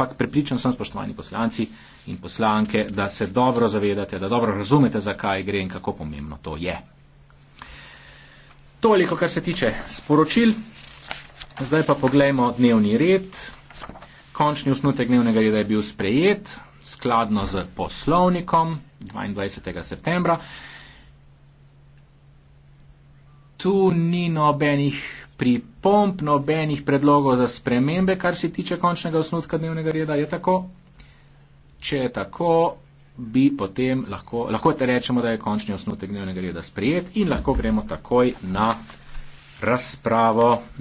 ampak prepričan sem, spoštovani poslanci in poslanke, da se dobro zavedate, da dobro razumete, zakaj gre in kako pomembno to je. Toliko, kar se tiče sporočil. Zdaj pa pogledajmo dnevni red. Končni usnutek dnevnega reda je bil sprejet skladno z poslovnikom 22. septembra. Tu ni nobenih pripomp, nobenih predlogov za spremembe, kar se tiče končnega osnutka dnevnega reda, je tako. Če je tako, bi potem lahko, lahko te rečemo, da je končni osnutek dnevnega reda sprejet in lahko gremo takoj na razpravo.